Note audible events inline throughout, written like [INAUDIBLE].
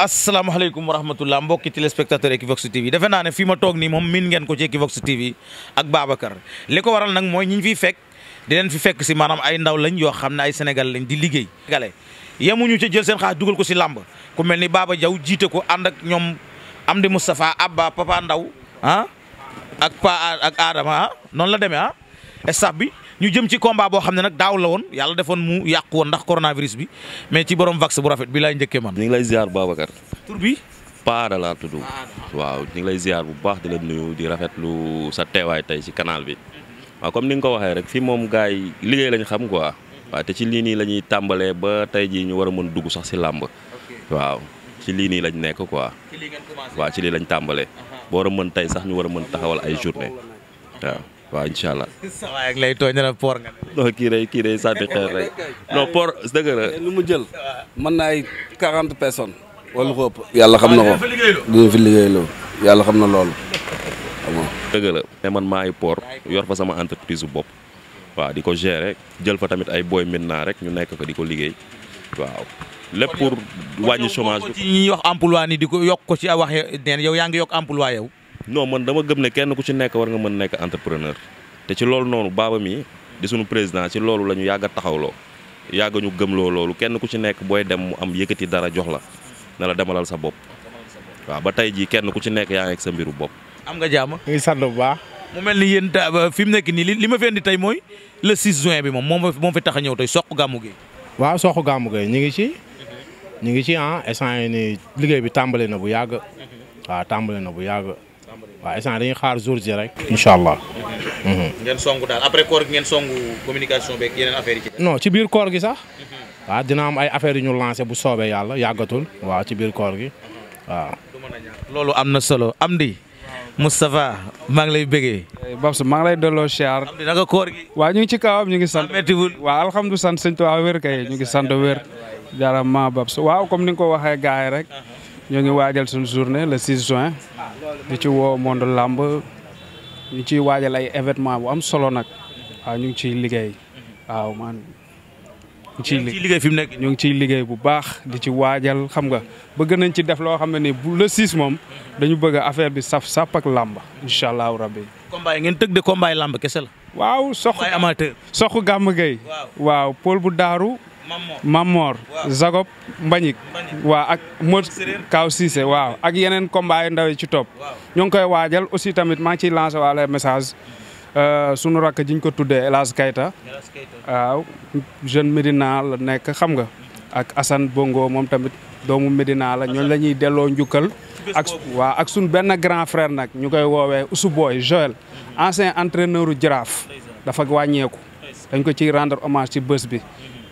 asalaamaaleykum wa rahmatullah mbokki téléspectateur Equivox TV defe naa ne fii ma toog nii moom miin ngeen ko ci Equivox TV ak Babacar li ko waral nag mooy ñi fiy fekk di leen fi fekk si maanaam ay ndaw lañ yoo xam ne ay Sénégal lañ di liggéey. gale ñu ci jël seen xaalis dugal ko si làmb ku mel ni baaba jaw jiite ko ànd ak ñoom Amdi Moustapha Abba Papa Ndaw ah ak Pa ak Adama ah noonu la deme ah staff bi. ñu jëm ci combat boo xam ne nag daaw la woon yàlla defoon mu yàqu woon ndax coronavirus bi mais ci borom vax bu rafet bi lay njëkkee man. ñu ngi lay ziar Babacar. tur bi. Paada laa tudd. Ah. waaw ñu ngi lay ziar bu baax di la nuyu di rafetlu sa teewaay tey ci kanaal bi. Mhm. waaw comme ni nga ko waxee rek fii moom gars yi liggéey lañ xam quoi. waaw te ci lii nii la ñuy tàmbalee ba tey jii ñu war a mën dugg sax ci làmb. waaw ci lii nii lañ nekk quoi. waaw ci lii lañ tàmbale boo mën tey sax ñu war a mën taxawal ay journée waaw. waaw incha allah. [LAUGHS] sa waay ak lay tooñ na poor nga. non kii day kii day sànni xeer rek non poor dëgg la. lu mu jël man naa ay quarante personnes. wala ko yàlla xam na ko yàlla xam na loolu. dëgg la mais man maa ngi port yor fa sama entreprise bu bopp waaw di ko gérer jël fa tamit ay booy maintenant rek ñu nekk fa di ko liggéey waaw lépp pour wàññi chômage ñu ñi wax emploi ni di ko yokk ko ci waxee neen yow yaa ngi yokk emploi yow. non man dama gëm ne kenn ku ci nekk war nga mën nekk entrepreneur te ci loolu noonu baaba mi di suñu président ci loolu la ñu yàgg a taxawloo yàgg ñu gëm loo loolu kenn ku ci nekk booy dem mu am yëkkati dara jox la ne la demalal sa bopp waaw ba tey jii kenn ku ci nekk yaa ngi ak sa mbiru bopp. am nga jaama mu ngi sant bu baax. mu mel ni yéen fi mu nekk nii li ma fi indi tey mooy le 6 juin bi moom moom fi tax a ñëw tey soq gàmmu gi. waaw soq gàmmu gi ñu ngi ci. Mhm. ñu ngi ci ah instant yii nii liggéey bi tàmbale na bu yàgg. Mhm. waaw tàmbale na bu yàgg. waaw instant dañuy xaar jour ji rek. incha allah. Mhm. Mhm. ngeen songu daal après koor gi ngeen songu communication beeg yeneen affaires yi ci. non ci biir koor gi sax. Mhm. waaw dina am ay affaires yu ñu lancé bu soobee yàlla yàggatul waaw ci biir koor gi waaw. loolu am na solo Amdy Moustapha maa ngi lay bëggee. Eh, Babs maa ngi lay delloo gi. waaw ñu ngi ci kawam ñu ngi sant. méttiwul waaw alhamdulilah sant sëñ Tuubaa ñu ngi sant wér. Babs waaw comme ni ko waxee gaay rek. ñoo ngi waajal suñu journée le 6 juin di ci woow monde làmb ñu ciy waajal ay événement bu am solo nag waaw ñu ngi ciy liggéey waaw man ñu ciy liggéey fi mu nekk ñu ngi ciy liggéey bu baax di ci waajal xam nga bëgg nañ ci def loo xam ne ni bu le 6 moom dañu bëgg affaire bi saf sàpp ak làmb incha allahu rabbi combat ngeen tëgg de combat yi waaw sox amateur sox gàmm gay waaw pôle bu daaru Mamor Zagob Mbagnick waaw ak Mod Kaw Cissé waaw ak yeneen combat yu yi ci top ñoo ngi koy waajal aussi tamit maa ngi ciy lancé waale message euh, sunu rakk jiñ ko tuddee El Hadj Kayta waaw jeune Médina la nekk xam nga ak Assane Bongo moom tamit doomu Médina la ñooñu la delloo njukkal ak waaw ak suñ benn grand frère nag ñu koy woowee Ousou Boy Joël mm-hmm. ancien entraîneur u Jaraaf dafa dañ ko ci rendre hommage ci bés bi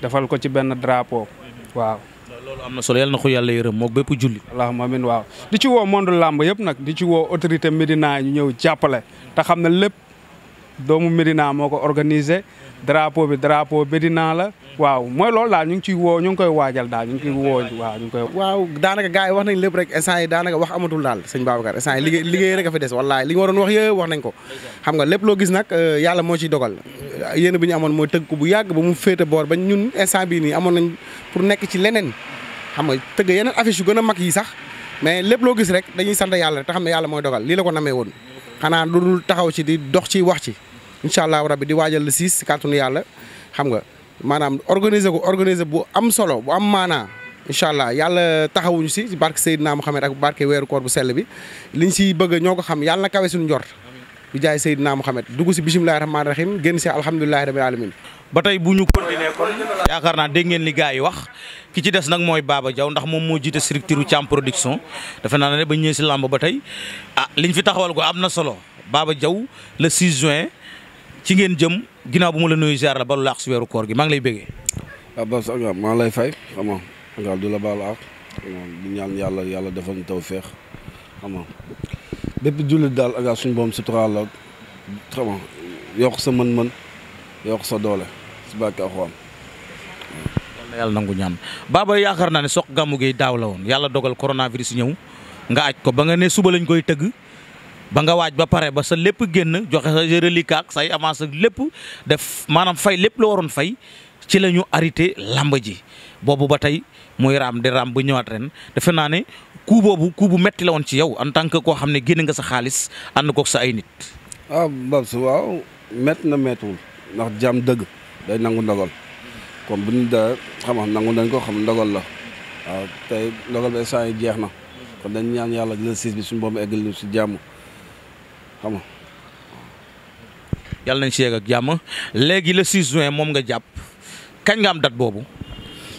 defal ko ci benn drapeau waaw. loolu am na solo yàlla na ko yàlla yërëm moo bépp julli. allahumma amiin waaw di ci woo monde làmb yëpp nag di ci woo autorité Médina ñu ñëw jàppale te xam ne lépp. doomu Médina moo ko organisé drapeau bi drapeau Médina la waaw mooy lool daal ñu ngi ciy woo ñu ngi koy waajal daal ñu ngi ñu ngi waaw daanaka gars yi wax nañ lépp rek instant yi daanaka wax amatul daal sëñ Babacar instant yi liggéey liggéey rek a fi des wallaay li nga waroon wax yëpp wax nañ ko. xam nga lépp loo gis nag euh, yàlla moo ciy dogal yéen bi ñu amoon mooy tëgg bu yàgg ba mu féete boor ba ñun instant bii nii amoon nañ pour nekk ci leneen xam nga tëgg yeneen affiche yu gën a mag yi sax mais lépp loo gis rek dañuy sant yàlla rek te xam ne yàlla mooy dogal lii la ko namee woon xanaa lu dul taxaw ci di dox ci wax ci incha allahu rabbi di waajal le 6 si kàttanu yàlla xam nga maanaam organiser ko organiser bu am solo bu am maanaa incha allah yàlla taxawuñu si barke Seydina Mohamed ak barke weeru koor bu sell bi liñ si bëgg ñoo ko xam yàlla na kawe suñu njort di jaay naa Mohamed dugg si bisimilahi rahmaani rahim génn si alhamdulilahi rabil alamin ba tey bu ñu continuer yaakaar naa dégg ngeen li gars yi wax ki ci des nag mooy baaba Diaw ndax moom moo jiite structure Thiam production defe naa ne ba ñëwee si làmb ba tey ah liñ fi taxawal ko am na solo Baba Diaw le 6 juin. ci ngeen jëm ginnaaw bu ma la nuyu ziar la balu laax si weeru koor gi maa ngi lay bëggee. Abbas ah, ak ah, maa lay fay xam nga nga du la baal ak di ñaan yàlla yàlla defal ñu taw feex xam nga bépp jullit daal ak suñu boom sutural la xam yokk sa mën-mën yokk sa doole si bàkki axuwam yàlla nangu ne soq gàmmu gi daaw la woon yàlla dogal coronavirus ñëw nga aj ko ba nga ne suba lañ koy tëgg ba nga waaj ba pare ba sa lépp génn joxe sa reliquat ak say avance ak lépp def maanaam fay lépp la waroon fay ci lañu ñu arrêté làmb ji boobu ba tey muy raam di raam bu ñëwaat ren defe naa ne coup boobu coup bu metti la woon ci yow en tant que koo xam ne génn nga sa xaalis ànd kook sa ay nit. ah Babs waaw métti na méttiwul ndax jàmm dëgg day nangu ndogal kon bu ñu da xam nangu dañ xam ndogal la waaw ah, tey ndogal ba saa yi jeex na kon dañ ñaan yàlla le 6 bi suñu boobu eggal ñu si jàmm. xam nga. yàlla nañ si yegg ak jàmm léegi le 6 juin moom nga jàpp kañ nga am boobu.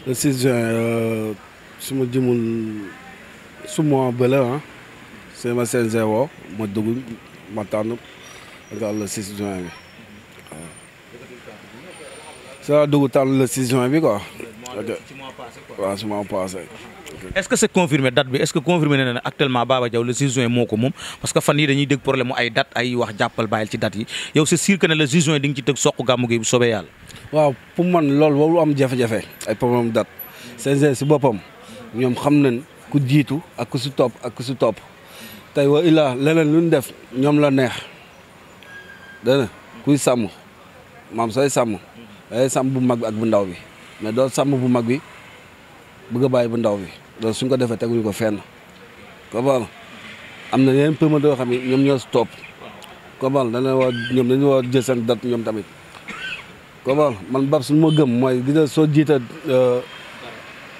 le 6 juin euh, su ma jëmul su ma bële ah c'est ma CNG woo ma dugg ma tànn daal le 6 juin bi waaw. saa dugg tànn le 6 bi quoi. ok waaw su est ce que c' est confirmé date bi est ce que confirmé na ne actuellement Baba Diaw le 6 juin moo ko moom parce que fan yi dañuy dégg problème ay date ay wax jàppal bàyyil ci date yi yow c' est sûr ne le 6 juin di ci tëg soq gàmmu gi bu soobee yàlla waaw pour man loolu waru am jafe-jafe ay problème date CNG si boppam ñoom xam nañ ku jiitu ak ku si topp ak ku si topp tey wa illa leneen lu def ñoom la neex dana kuy sàmm maam sooy sàmm bu mag bi ak bu ndaw bi mais doo sàmm bu mag bi bàyyi bu ndaw bi loolu suñ ko defee teguñu ko fenn comprendre am na yeneen promoteur yoo ñoom ñoo si topp comprendre dañu war ñoom dañu war jël seen date ñoom tamit comprendre man bab suñu moo gëm mooy gis nga soo jiita euh,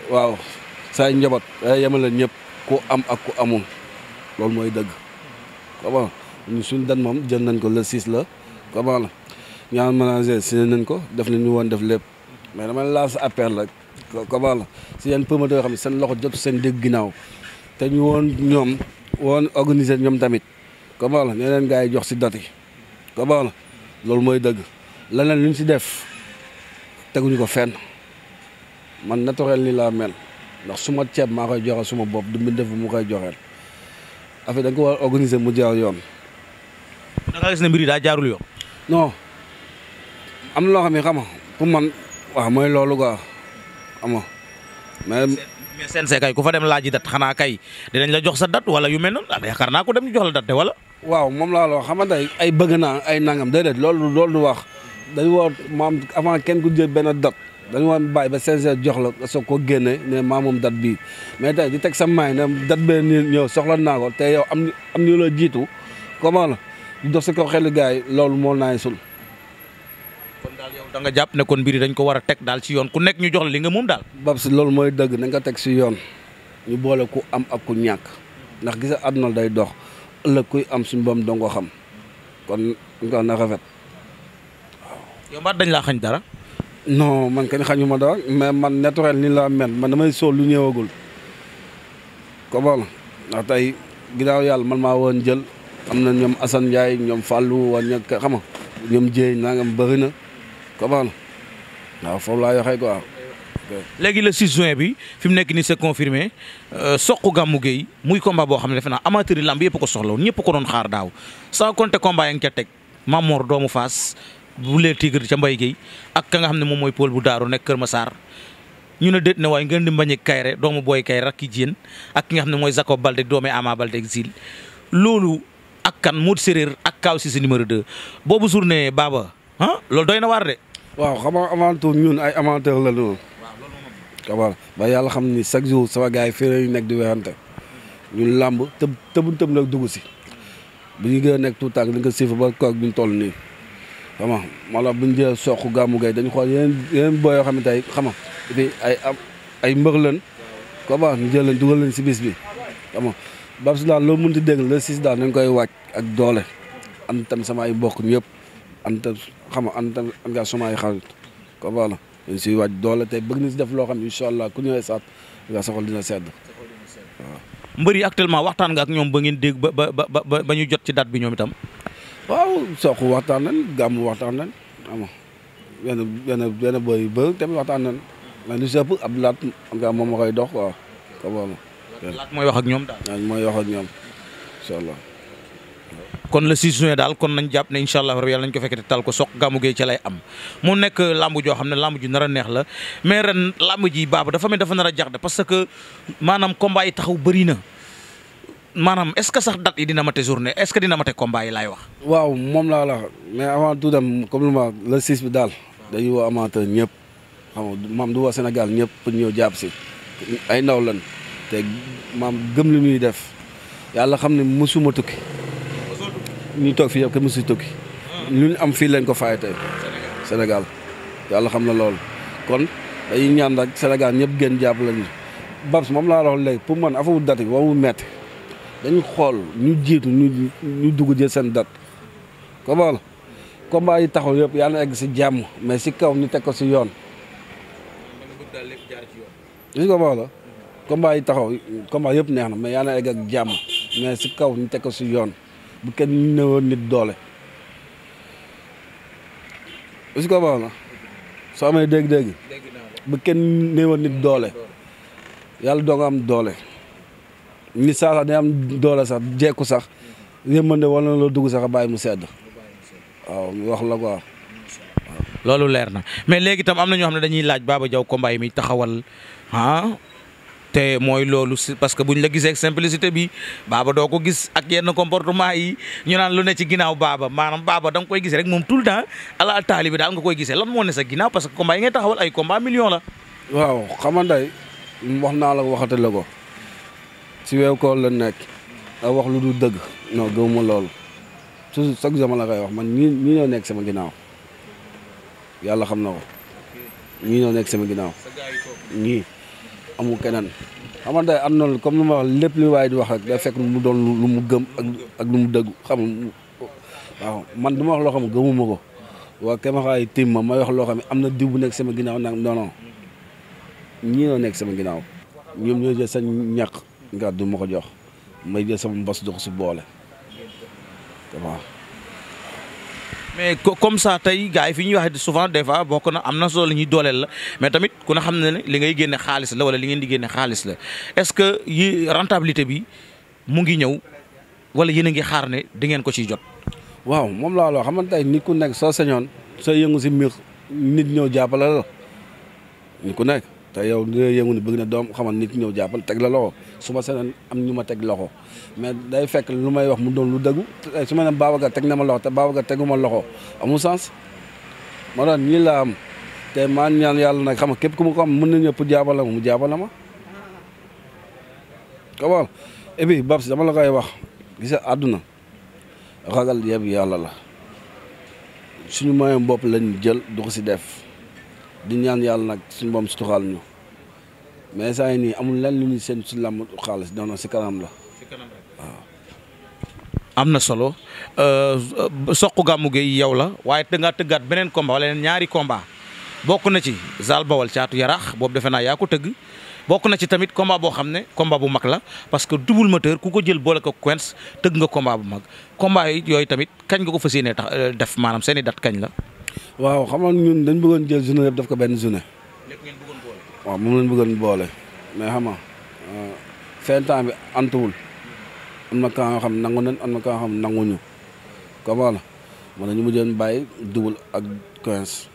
waaw say njaboot day yemale ñëpp ko am ak ku amul loolu mooy dëgg comprendre ñu suñ date moom jël nañ ko le 6 la comprendre ñaan manager si nañ ko def nañ ñu woon def lépp mais dama laas appel comment la si yenn promoteur xam ne seen loxo jot seen dégg ginnaaw te ñu woon ñoom woon organiser ñoom tamit comment la nee leen gars yi jox si dati comment la loolu mooy dëgg leneen lu ñu si def teguñu ko fenn man naturel li laa mel ndax su ma ceeb maa koy joxe suma bopp du mbindeef bu mu koy joxeel affaire da war a mu jaar yoon. da nga am loolu quoi. amoo mais. mais CNC kay ku fa dem laaji dat xanaa kay dinañ la jox sa dat wala yu mel noonu ah, yaakaar naa ko dem ñu jox la dat de wala. waaw moom laa la wax xam ay bëgg naa ay nangam déedéet loolu loolu du wax dañu war maam avant kenn ku jël benn dat dañu war bàyyi ba CNC jox la soog koo génne ne maa moom dat bii mais tey di teg sa maay ne dat bee ñëw soxla naa ko te yow am am ñu la jiitu comment la di dox sa kaw xelu gars loolu moo naa sul da nga jàpp ne kon mbir yi dañ ko war a teg daal ci yoon ku nekk ñu jox la li nga moom daal. Babs loolu mooy dëgg na nga teg ci yoon ñu boole ku am ak ku ñàkk ndax gisa àdduna day dox ëllëg kuy am suñu boom dong ko xam kon nga na rafet waaw. yow mbaat dañ la xañ dara. non man kañ xañu ma dara mais man naturel ni laa mel man damay sool lu ñëwagul ko ndax tey ginnaaw yàlla man maa woon jël am na ñoom Assane Ndiaye ñoom Fallou woon ña xam nga ñoom Dieng nangam bëri na. comment waaw foofu laa waxee quoi. léegi le 6 juin bi fi mu nekk nii c'est confirmé euh, Sokh Gamou Gueye muy combat boo xam ne defe naa amateur yi lamb yëpp ko soxla woon ñëpp ko doon xaar daaw sans compter combat ya nga ca teg Mamor doomu Faas bu lee Tigre ca Mbaye Gueye ak ka nga xam ne moom mooy Paul bu Daaru nekk Kër Massar ñu ne déet ne waaye ngeen di mbañe Kayre doomu Boy Kayre rakki Dieng ak ki nga xam ne mooy Jacob Balde doomu Ama Balde exil loolu ak kan Modou Séréer ak Kaw Cissé numéro boobu journée Baba ah, loolu doy na waar de. waaw xam nga avant tout ñun ay amateurs la ñu. waaw ba yàlla xam ni chaque jour sama gaa yi fii la nekk di werante ñun làmb tëb tëbu tëb la dugg si. bu ñu gën a nekk tout tànk dañ ko siif ba koog bi ñu toll nii. xam nga maanaam bu ñu jëlee soq gàmmu gay dañu xool yeneen yeneen booy yoo xam ne tey xam nga ay ay mbër lañ. ko baax ñu jël leen dugal leen si bis bi xam nga Babs daal loo mënti dégg la sis daal nañ koy wàcc ak doole. am tam sama ay mbokk ñëpp xam nga ànd ak engagement ay xarit ko voilà dañ waaj doole tey bëgg na si def loo xam ne incha ku ñëwee saat nga dina sedd mbër yi actuellement waxtaan nga ak ñoom ba ngeen dégg ba ba ba ba ñu jot ci daat bi ñoom itam. waaw soq waxtaan nañ gàmm waxtaan nañ xam nga benn benn benn boy yu bëri tamit waxtaan nañ mais lu si ab laat nga moom ma koy dox waaw. ko mooy wax ak ñoom daal. mooy wax ak ñoom kon le 6 juin daal kon nañ jàpp ne incha allah rabi yàlla nañ ko fekkete tal ko soq gàmmu gee ci lay am mu nekk làmb joo xam ne làmb ju nar neex la mais ren làmb ji baaba dafa mel dafa nar a jax de parce que maanaam combat yi taxaw bëri na maanaam est ce que sax date yi dina ma mate journée est ce que dina mate combat yi laay wax. waaw moom laa la mais avant tout dem comme lu ma le 6 bi daal dañuy woo amateur ñëpp xam maam du woo Sénégal ñëpp ñëw jàpp si ay ndaw lan te maam gëm li muy def yàlla xam ne mësuma tukki. ñu toog fii yëpp kenn mësu tukki lu ñu am fii lañ ko faay tey Sénégal yàlla xam na loolu kon dañuy ñaan rek Sénégal ñëpp gën jàpp lañu Babs moom laa wax léegi pour man affaire date bi warul metti dañu xool ñu jiitu ñu ñu dugg jël seen date comment la combat yi taxul yëpp yàlla na egg si jàmm mais si kaw ñu teg ko si yoon gis nga baax la combat yi taxaw combat yëpp neex na mais yàlla na egg ak jàmm mais si kaw ñu teg ko si yoon bu kenn néewoon nit doole est-ce que baax dégg-dégg bu kenn néewoon nit doole yàlla doo nga am doole nit saa sax day am doole sax jekku sax yémmande wala la dugg sax a baay mu sedd waaw wax la quoi. loolu leer na mais léegi tam am na ñoo xam ne dañuy laaj baaba Diaw ko yi mi taxawal ah te mooy loolu si parce que buñ la gisee simplicité bi baaba doo ko gis ak yenn comportement yi ñu naan lu ne ci ginaaw baaba maanaam baaba da nga koy gis rek moom tout le temps ala taali bi nga koy gis lan moo ne sa ginnaaw parce que combat yi ngay taxawal ay combat million la. waaw xamanday wax naa la waxate la la nekk wax lu du dëgg non gëwuma loolu toujours chaque jour ma la koy wax man ñii ñii nekk sama ginnaaw yàlla xam na ko ñii ñoo nekk sama ginnaaw ñii. amul keneen xam nga am na comme lu ma wax lépp li waaye di wax rek day fekk mu doon lu mu gëm ak ak lu mu dëgg xam man du ma wax loo xam gëmuma ko waa kéema xaay tiim ma may wax loo xam ne am na diw bu nekk sama ginnaaw nag non non ñii noo nekk sama ginnaaw ñoom ñoo jël sa ñàq nga du ma ko jox may jël sama mbos du ko boole waaw. mais comme ça tey gars yi fi ñu wax souvent des fois bokk na am na solo la ñuy dooleel la mais tamit ku ne xam ne ne li ngay génne xaalis la wala li ngeen di génne xaalis la est-ce que yi rentabilité bi mu ngi ñëw wala yéen a ngi xaar ne di ngeen ko ciy jot. waaw moom laa loo xamante ne nit ku nekk soo sañoon soo yëngu si mbir nit ñëw jàppale la nit ku nekk. te yow li lay ni bëgg na doom xamal nit ñëw jàppal teg la loxo suma ma seneen am ñu ma teg loxo mais day fekk lu may wax mu doon lu dëggu su ma ne Babacar teg na ma loxo te ga tegu ma loxo amu sens ma doon ñii am te maa ñaan yàlla nag xam nga képp ku ma ko am mën na ñëpp jàppal ma mu jàppal ma comment et puis si dama la koy wax gis nga àdduna ragal yëpp yàlla la suñu moyen bopp lañ jël du ko si def di ñaan yàlla nag suñu boom si tuxaal ñu mais saa yi nii amul lenn lu ñuy seen si làmb xaalis non si kanam la am na solo euh, soq Gamou Gueye yow la waaye danga tëggaat beneen combat wala ñaari combat bokk na ci Zal Bawal caatu yaraax boobu defe naa yaa ko tëgg bokk na ci tamit combat boo xam ne combat bu mag la parce que double moteur ku ko jël boole ko Quench tëgg nga combat bu mag combat yi yooyu tamit kañ nga ko fas yéenee tax euh, def maanaam seeni i kañ la. waaw xam nga ñun dañ bëggoon jël journée yëpp def ko benn journée. lépp ngeen bëggoon boole. waaw moom lañ bëggoon boole mais xam nga seen euh, temps bi antuwul am na kaa nga xam nangu nañ am na kaa nga xam nanguñu comment la ma ne ñu mujjoon bàyyi double ak quinze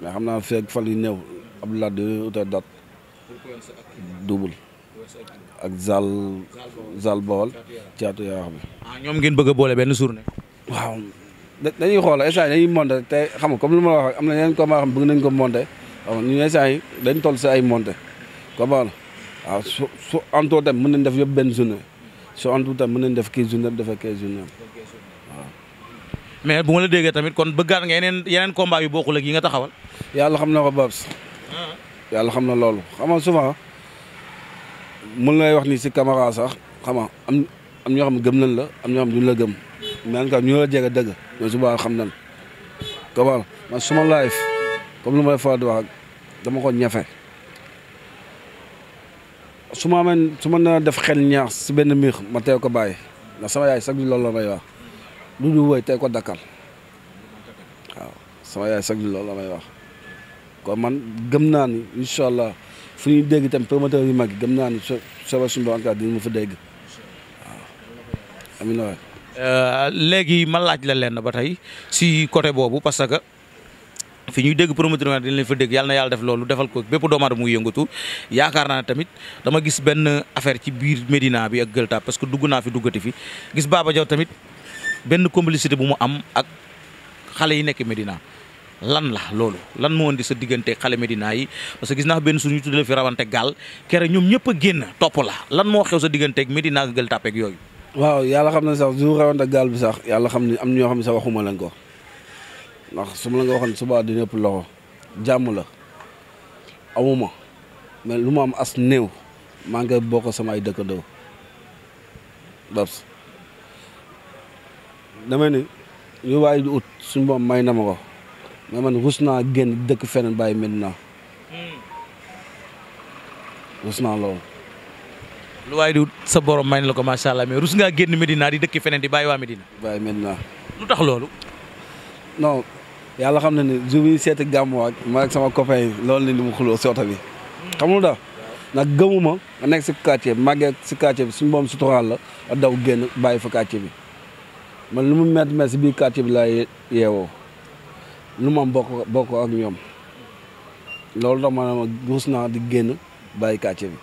mais xam naa feeg fan yu néew Abdoulaye dañuy uta date double ak Zal Zal Bawol caatu yaa xam ne. ah ñoom ngeen bëgg a boole benn journée. waaw. dañuy xool instant yi dañuy monté te xam nga comme lu ma wax am na yeneen combat xam bëgg nañ ko monté xam ñu instant yi dañ toll si ay monté combat su su antoo tam mën nañ def yëpp benn journée su antu tam mën nañ def kii journée defee kii journée waaw mais bu ma la déggee tamit kon bëggaat nga yeneen yeneen combat yu bokkul ak yi nga taxawal yàlla xam na ko Babs hmm. yàlla xam na loolu xam nga souvent mun lay wax ni si caméra sax xam am am ñoo xam gëm nañ la am ñoo xam duñ la gëm man kat ñoo la jege dëgg ñoom su baax ko wala suma life comme lu may faral di wax dama ko ñafe suma ma amee su ma nee def xel ñaax si benn miir ma tey ko bàyyi ndax sama yaay sag du loolu la may wax lu dul wëy ko dakkal waaw sama yaay sax du loolu la may wax kon man gëm naa ni incha allah fu ñuy dégg itam promoteur yu mag gi gëm naa ni soo soo suñu borom dina ma fa dégg waaw Euh, léegi ma laaj la lenn ba tey si côté boobu parce que fi ñuy dégg promoteur dañ leen fa dégg yàlla na yàlla def loolu defal ko bépp doomu aadama muy yëngatu yaakaar naa tamit dama gis benn affaire ci biir Médina bi ak Gueule Tapée parce que dugg naa fi duggati fi gis baaba Diaw tamit benn complicité bu mu am ak xale yi nekk Médina lan la loolu lan moo indi sa diggante xale Médina yi parce que gis naa benn suñu tuddee fi rawante gaal kere ñoom ñëpp a génn topp la lan moo xew sa digganteeg Médina ak Gueule yooyu. waaw yàlla xam ne sax suñu xewante ak gaal bi sax yàlla xam ne am ñoo xam ne sax waxuma leen ko ndax su ma la nga waxoon suba di ñëpp loxo jàmm la amuma mais lu mu am as néew maa ngi koy bokk sama ay dëkkandoo Babs dama ni ñu suñu boom may na ma ko mais man rus naa génn dëkk feneen bàyyi Medina hmm. rus naa lu waaye di sa borom may na la ko macha allah mais rus ngaa génn Medina di dëkk feneen di bàyyi waa Medina. bàyyi Medina. lu tax loolu. non yàlla xam na ne jour bi seeti gàmmu ak ma ak sama copain loolu la ni mu xuloo soota bi. xam nga lu tax nag gëmuma ma nekk si quartier bi màggee si quartier bi suñu moom suturaal la daw génn bàyyi fa quartier bi man lu mu met met si biir quartier bi laay yeewoo lu ma bokk bokk ak ñoom loolu tax ma ne naa di génn bàyyi quartier bi.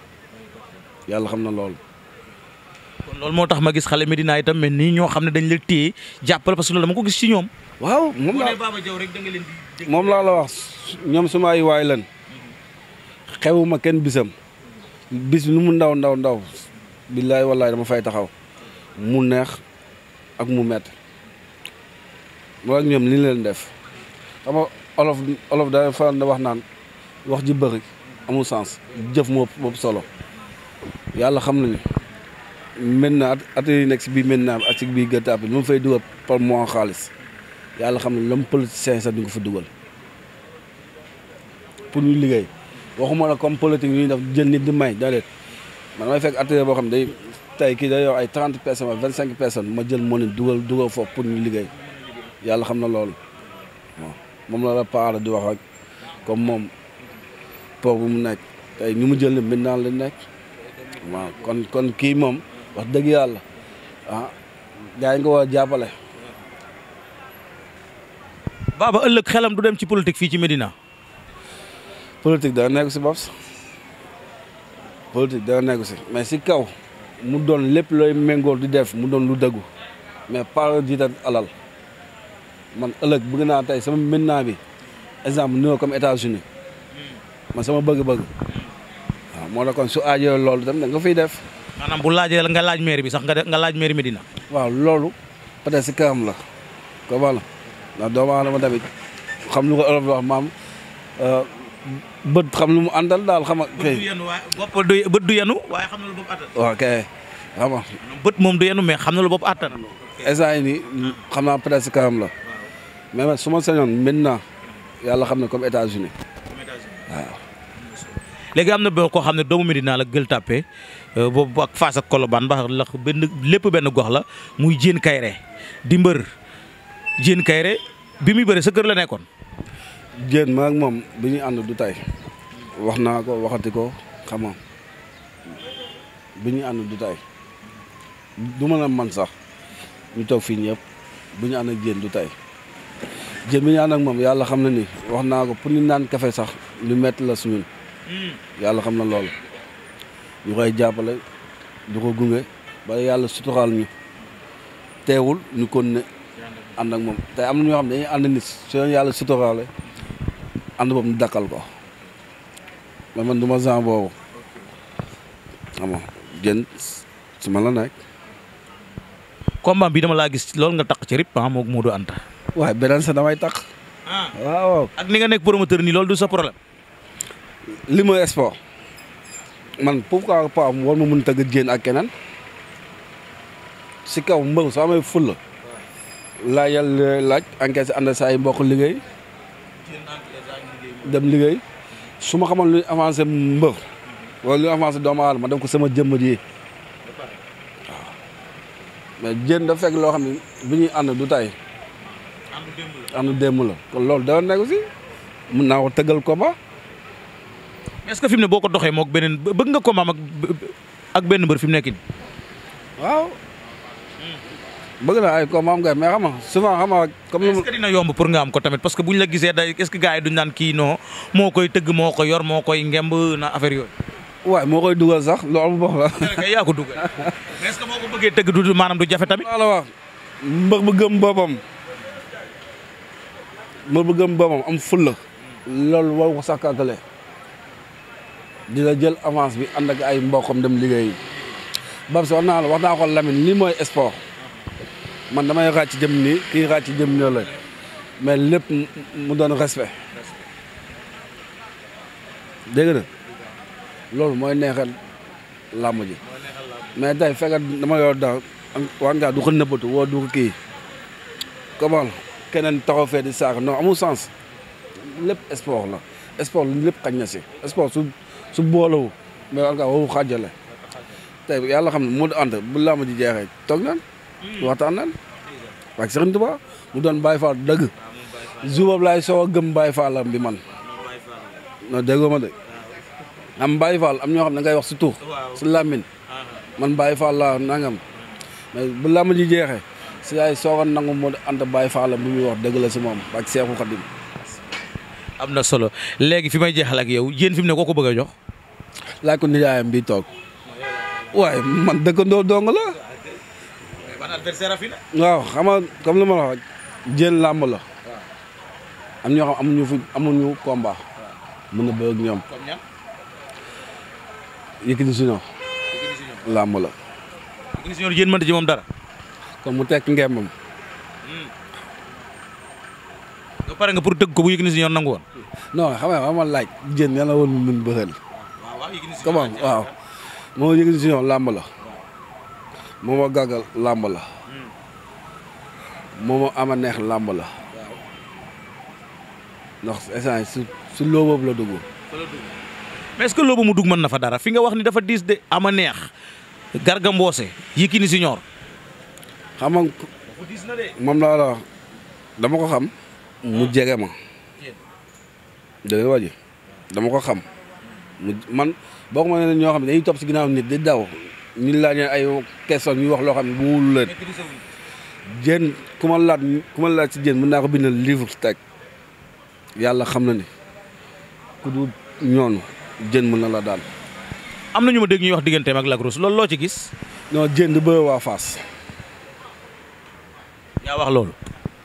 yàlla xam na loolu. loolu moo tax ma gis xale Medina itam mel nii ñoo xam ne dañ la téye jàppale parce que loolu dama ko gis ci ñoom. waaw moom laa Baba Diaw moom laa la wax ñoom suma ay waay lan xewuma kenn bisam bis lu mu ndaw ndaw ndaw billaay wallaay dama fay taxaw mu neex ak mu mett loolu ak ñoom li leen def xam nga olof olof dafa wax naan wax ji bëri amu sens jëf moo bopp solo. yàlla xam na ne maintenant at yi nekk si biir maintenant ak si biir bi lu mu fay dugal par mois xaalis yàlla xam ne la mu politicien sax sa nga fa dugal pour ñu liggéey waxuma la comme politique yi ñuy def jël nit di may déedéet man may fekk atelier boo xam day tey kii day yor ay trente person vingt cinq personnes ma jël moo dugal dugal foofu pour ñu liggéey yàlla xam na loolu waaw moom la la paara di wax rek comme moom pour mu nekk tay ñu mu jël ne maintenant lañ nekk. waaw kon kon kii moom wax dëgg yàlla ah gaa yi nga war a jàppale. Baba ëllëg xelam du dem ci politique fii ci Medina. politique dana nekk si bopp politique dana nekk si mais si kaw mu doon lépp looy méngoor di def mu doon lu dëggu mais par jiital alal man ëllëg bugg naa tey sama Medina bi exemple ni comme États-Unis man sama bëgg-bëgg. moo la kon su aajoo loolu dem da nga fiy def. maanaam bu laajee nga laaj mairie bi sax nga nga laaj mairie dina waaw loolu peut-être si këram la ko la ndax doomu aadama tamit xam nu ko ëllëg wax euh, xam lu mu àndal daal xam bët yenu waaye moom du yenu mais xam na lu bopp àttan. xam naa peut-être si la mais su ma sañoon maintenant yàlla xam ne comme États-Unis léegi am na boo koo xam ne doomu Medina la Gueule Tapée euh, boobu ak Fass ak Colobane ba benn lépp benn gox la muy Diène Kaïré di mbër Diène Kaïré bi muy bëre sa kër la nekkoon. Diène ma moom bi ñuy ànd du tay wax naa ko waxati ko xam bi ñuy ànd du tay ma la man sax ñu toog fii ñëpp bu ñu ànd ak Diène du tay Diène bi ñu ànd ak moom yàlla xam na ni wax naa ko pour ñu naan kafe sax lu metti la suñu. yàlla xam na lool ñu koy jàppale du ko gunge ba yàlla suturaal ñu teewul ñu kon ne ànd moom te am na ñoo xam ne dañuy ànd nit su leen yàlla suturaale ànd boobu dakkal ko mais man du ma gen boobu xam nga si ma la nekk combat bi dama laa gis loolu nga takk ci rip ah moom Modou Anta waaye beneen sa damay takk ah. waaw ak ni nga nekk promoteur nii loolu du sa problème li mooy sport man pourquoi pas war ma mën tëgg jéen ak keneen si kaw mbër soo amee fulla laa yàlla laaj encaissé ànd saa yi mbokk liggéey dem liggéey su ma xamal luy avancé mbër wala luy avancé doomu aadama dem ko sama jëmbat yi waaw mais jéen da fekk loo xam ne bi ñuy ànd du tay ànd démb la kon loolu da nekk aussi mun naa ko tëggal combat est-ce que fi mu boo ko doxee moog beneen bëgg nga combat ak ak benn mbër fi mu nekk nii. bëgg na ay combat am kay mais xam nga souvent xam yomb pour nga am ko tamit parce que buñ la gisee day est-ce que gars yi duñ naan kii non moo koy tëgg moo koy yor moo koy ngemb na affaire yooyu. waaw moo koy dugal sax loolu bokk [LAUGHS] ko est-ce bëggee tëgg du maanaam du jafe tamit. waaw waaw mbër bu gëm boppam mbër bu am fulla loolu waru ko sax kàggale. dina jël avance bi ànd ak ay mbokkam dem liggéeyi Babs wax naa la wax naa ko Lamine lii mooy sport man damay ci jëm nii kii ci jëm nii doon respect loolu mooy neexal làmb ji mais tey fekk dama yor daaw wax ngaa du ko nëbbatu woo du ko kii comment keneen taxu fee di saako non amul sens lépp sport la. sport lépp xaj na si sport su su booloo mais alkaati waru xaajale tey yàlla xam ne moo di ànd bu làmb ji jeexee toog nan waxtaan nan ak Serigne Touba mu doon Baye Fall dëgg jubab laay soo a gëm Baye Fallam bi man non ma de am Baye am ñoo xam ne ngay wax si tuux làmmin man Baye Fall laa nangam mais bu làmb ji jeexee si yaay sooga nangu moo di ànd Baye Fallam bi muy wax dëgg la si moom ak Seexu Xadim am na solo léegi fi may jeexal ak yow yéen fi mu ne koo ko bëggee a jox. laaj ko nijaayam bi toog. waaye man dëkkandoo dong la. waaw xam nga comme li ma la wax jën làmb la. am ñoo xam amuñu fu amuñu combat. mën na bëgg ñoom. Yékini Junior. làmb la. Yékini Junior jën mënta ci moom dara. kon mu tekk ngembam. ba pare nga pour tëgg ko bu Yékini si nangu woon. non xam nga ma laaj. jën yàlla woon mu mën bëxal. waaw Yékini waaw. moo Yékini si yoon làmb la. moo ma gàggal làmb la. ma ama neex làmb la. ndax essence su su la dugg. mais est-ce que loobu mu dugg mën na fa dara fi nga wax ni dafa diis de ama neex. Garga Mbossé Yékini si ñor. xam nga moom la dama ko xam. mu jege ma dëgg la dama ko xam man boo ko mënee ñoo xam ne dañuy topp si ginnaaw nit di daw ñu laaj ay question ñuy wax loo xam ne bu mu wóolu leen jën ku ma laaj ku ma laaj si jën mën naa ko bindal livre teg yàlla xam na ni ku du ñoonu jën mën na la daal am na ñu ma dégg ñuy wax digganteem ak Lac Rose loolu loo ci gis. non jën di bëre waa Fass. yaa wax loolu.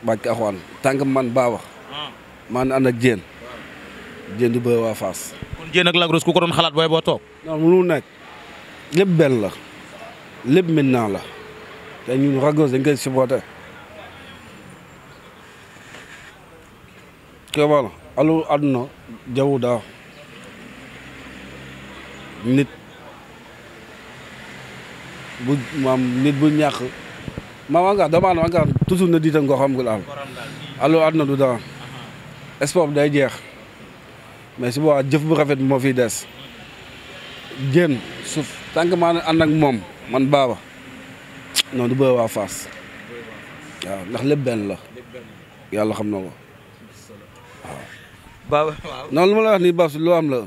bàkki axwaan tànk man baa wax ah. man ànd ak jéen jéen di bëri waa Fass. kon ku ko doon xalaat booy boo toog. non lu nekk lépp benn la lépp maintenant la te ñun Lac Rose dañ koy supporter. ke wala alu àdduna jaww daa nit bu maam nit bu ñàkk ma wanga dama an wanga toujours na diita ngoxamgul an alo adna du daan sport bi day jeex mais su boobaa jëf bu rafet moo fiy des génn suuf tànk maa ne ànd moom man baaba non du bëri waa Fass waaw ndax lépp benn la yàlla xam na ko waaw. baaba waaw non lu ma la wax nii Babs lu am la.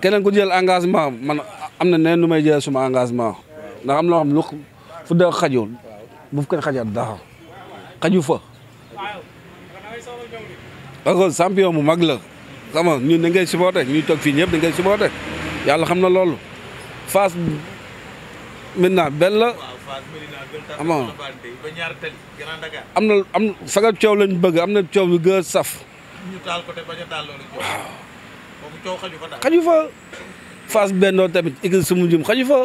keneen ku jël engagement man am na neen nu may jël suma engagement ndax am na loo xam lu fu dee xajul. bu fi kenn xajaat dara xaju fa parce que champion mag la xam nga ñun da ngay supporté toog fii ñëpp da ngay supporté yàlla xam na loolu Fass maintenant benn la xam am na am saga lañ bëgg am na coow yu gën saf xaju fa Fass bennoo tamit église su mu xaju fa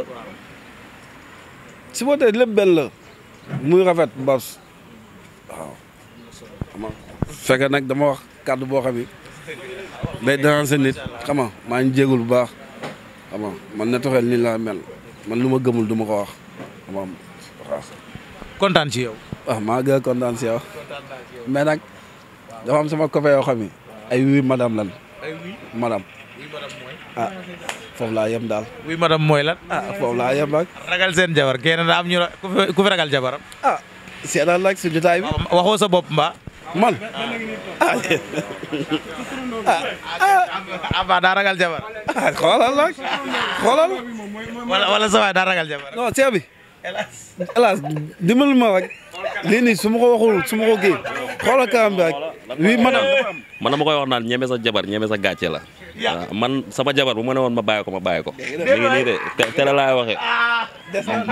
supporté lépp benn la muy rafet Mbabs waaw nag dama wax kàddu boo xam ni day nit xam maa ngi jégul baax xam nga man ne toxel nii mel man lu ma gëmul du ma ko wax xam nga waaw. kontaan maa ngi gën a kontaan ci yow ah, nag dafa am sama copain yoo xam ni ay oui madame lan. ay ah. foofu laa yem daal. oui madame mooy lan. ah foofu laa yem nag. ragal seen jabar kenn daa am ñu ku fi ragal jabaram. Ah, waxoo sa bopp mbaa. man ah. Ah, jabar. ah xoolal nag xoolal. wala wala sa waay daa ragal jabar. non ko waxul su ma ko kii ñeme sa jabar ñeme sa gàcce la. waaw ah, man sama jabar bu ma ne woon ma bàyyi ma bàyyi ko. mi ngi nii de te la laay waxee. Ah,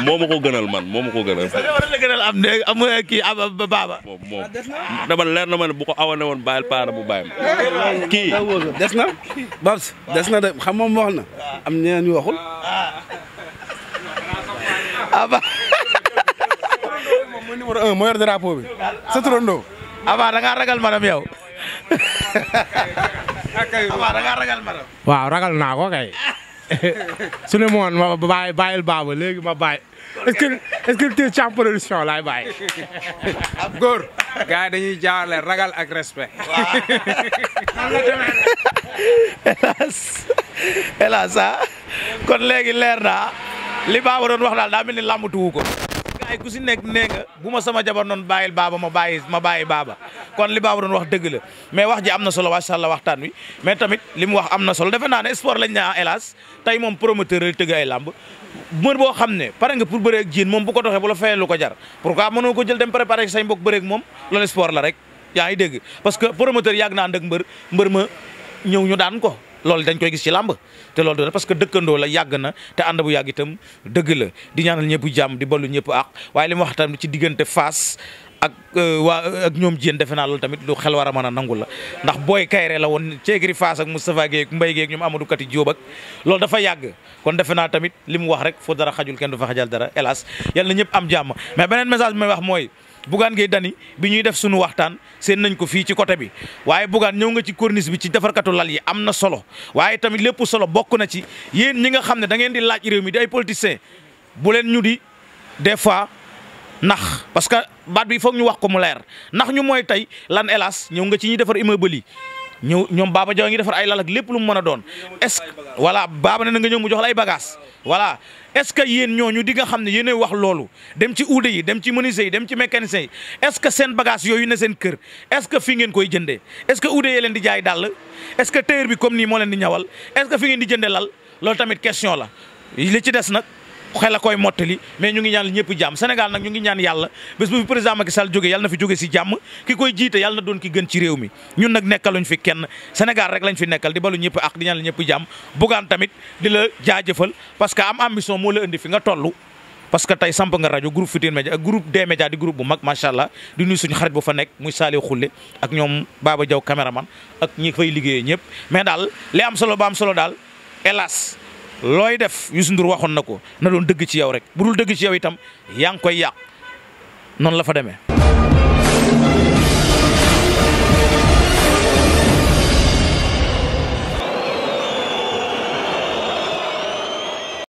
moo ma ko gënal man moo ma ko gënal. gënal am de am kii am baaba. moom moom ah, dama leer na ma ne bu ko awane woon bàyyil paana bu bàyyi ma. des na Babs des na de xam moom wax na am ñeneen ñu waxul. Aba. mooy numéro un moo yor drapeau bi Aba da ragal maanaam yow. waaw ragal naa ko kay. [LAUGHS] su ne moon ma bàyyi bàyyil léegi ma bàyyi est-ce que est-ce que tey càmm [LAUGHS] ab góor. gars yi dañuy jaarale ragal ak respect. [LAUGHS] hélas hélas ah. kon léegi leer naa li baaba doon wax daal daa mel ni làmbatu wu ko. ay ku si nekk nee bu ma sama jabar noonu bàyyil baaba ma bàyyi ma bàyyi baaba kon li baaba doon wax dëgg la mais wax ji am na solo macha allah waxtaan wi mais tamit li mu wax am na solo defe naa ne sport lañ naa ah, hélas tey moom promoteur la tëgg ay làmb mën boo xam ne pare nga pour bëree ak jiin moom bu ko doxee bu la fayee lu ko jar pourquoi mënoo ko jël dem préparer say mbokk bëree ak moom loolu sport la rek yaa ngi dégg parce que promoteur yàgg naa ànd mbër mbër ma ñëw ñu daan ko loolu dañ koy gis ci làmb te loolu doon parce que dëkkandoo la yàgg na te ànd bu yàgg itam dëgg la di ñaanal ñëpp jàmm di ballu ñëpp ak waaye li mu wax tamit ci diggante faas ak euh, waa ak ñoom jéen defe naa loolu tamit lu xel war a mën a nangu la ndax booy kayre la woon ceegri Fass ak Moustapha Guèye ak Mbaye Guèye ak ñoom Amadou Kati Diop ak loolu dafa yàgg kon defe naa tamit li mu wax rek foo dara xajul kenn du fa xajal dara hélas yal na ñëpp am jàmm mais beneen message bi wax mooy Bougane Gueye Dany bi ñuy def suñu waxtaan seen nañ ko fii ci côté bi waaye Bougane ñëw nga ci corniche bi ci defarkatu lal yi am na solo waaye tamit lépp solo bokk na ci yéen ñi nga xam ne dangeen di laaj réew mi di ay politiciens bu leen ñu di des fois nax parce que baat bi foog ñu wax ko mu leer ndax ñu mooy tey lan hélas ñëw nga ci ñuy defar immeuble yi ñëw ñoom baaba Jaw ngi defar ay lal ak lépp lu mu mën a doon est-ce que voilà Baba ne na nga ñëw mu jox la ay bagages voilà est-ce que yéen ñooñu di nga xam ne yéenay wax loolu dem ci uude yi dem ci menuisier yi dem ci mécanicien yi est-ce que seen bagage yooyu seen kër est-ce que fi ngeen koy jëndee est uude yi leen di jaay dàll est-ce que tailleur bi comme nii moo leen di ñawal est-ce fi ngeen di jëndee lal loolu tamit question la li ci des nag. xel a koy mottali mais ñu ngi ñaan ñëpp jàmm Sénégal nag ñu ngi ñaan yàlla bés bu fi président Macky Sall jógee yàlla na fi jóge si jàmm ki koy jiite yàlla na doon ki gën ci réew mi ñun nag nekkaluñ fi kenn Sénégal rek lañ fi nekkal di balu ñëpp ak di la ñëpp jàmm bugaan tamit di la jaajëfal parce que am ambition moo la indi fi nga toll parce que tey samp nga rajo groupe Futurs Médias ak groupe des médias di groupe bu mag macha allah di nuyu suñu xarit bu fa nekk muy ñoom Baba Diaw caméraman ak ñi fay liggéeyee ñëpp mais daal li am solo ba am solo daal hélas looy def Youssou Ndour waxoon na ko na doon dëgg ci yow rek bu dul dëgg ci yow itam yaa ngi koy yàq noonu la fa demee.